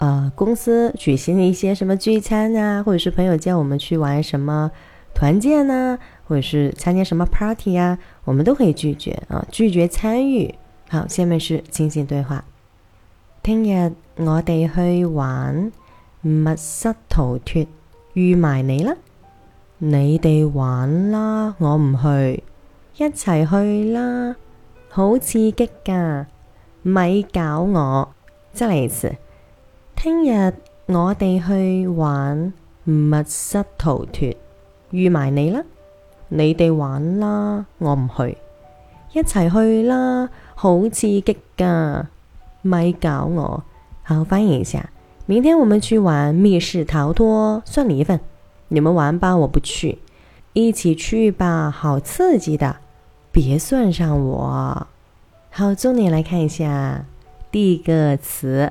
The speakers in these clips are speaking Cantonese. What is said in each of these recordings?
啊、呃！公司舉行一些什麼聚餐啊，或者是朋友叫我們去玩什麼團建啊，或者是參加什麼 party 啊，我們都可以拒絕啊，拒絕參與。好，下面是情景對話。聽日我哋去玩密室逃脫，預埋你啦。你哋玩啦，我唔去，一齊去啦，好刺激噶，咪搞我，再嚟一次。聽日我哋去玩密室逃脫，預埋你啦。你哋玩啦，我唔去。一齊去啦，好刺激噶、啊，咪搞我。好，翻譯一下，明天我們去玩密室逃脫，算你一份。你們玩吧，我不去。一起去吧，好刺激的，別算上我。好，重點來看一下第一個詞。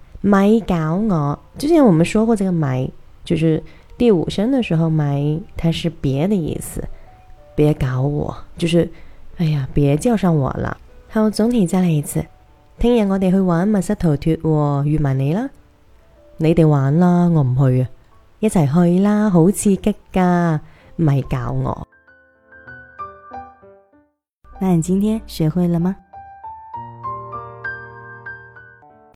咪搞我！之前我們說過這個“咪”，就是第五聲的時候，“咪”它是別的意思。別搞我，就是，哎呀，別叫上我了。好，總體再來一次。聽日我哋去玩密室逃脫，預埋你啦。你哋玩啦，我唔去啊。一齊去啦，好刺激噶！咪搞我。那你今天學會了嗎？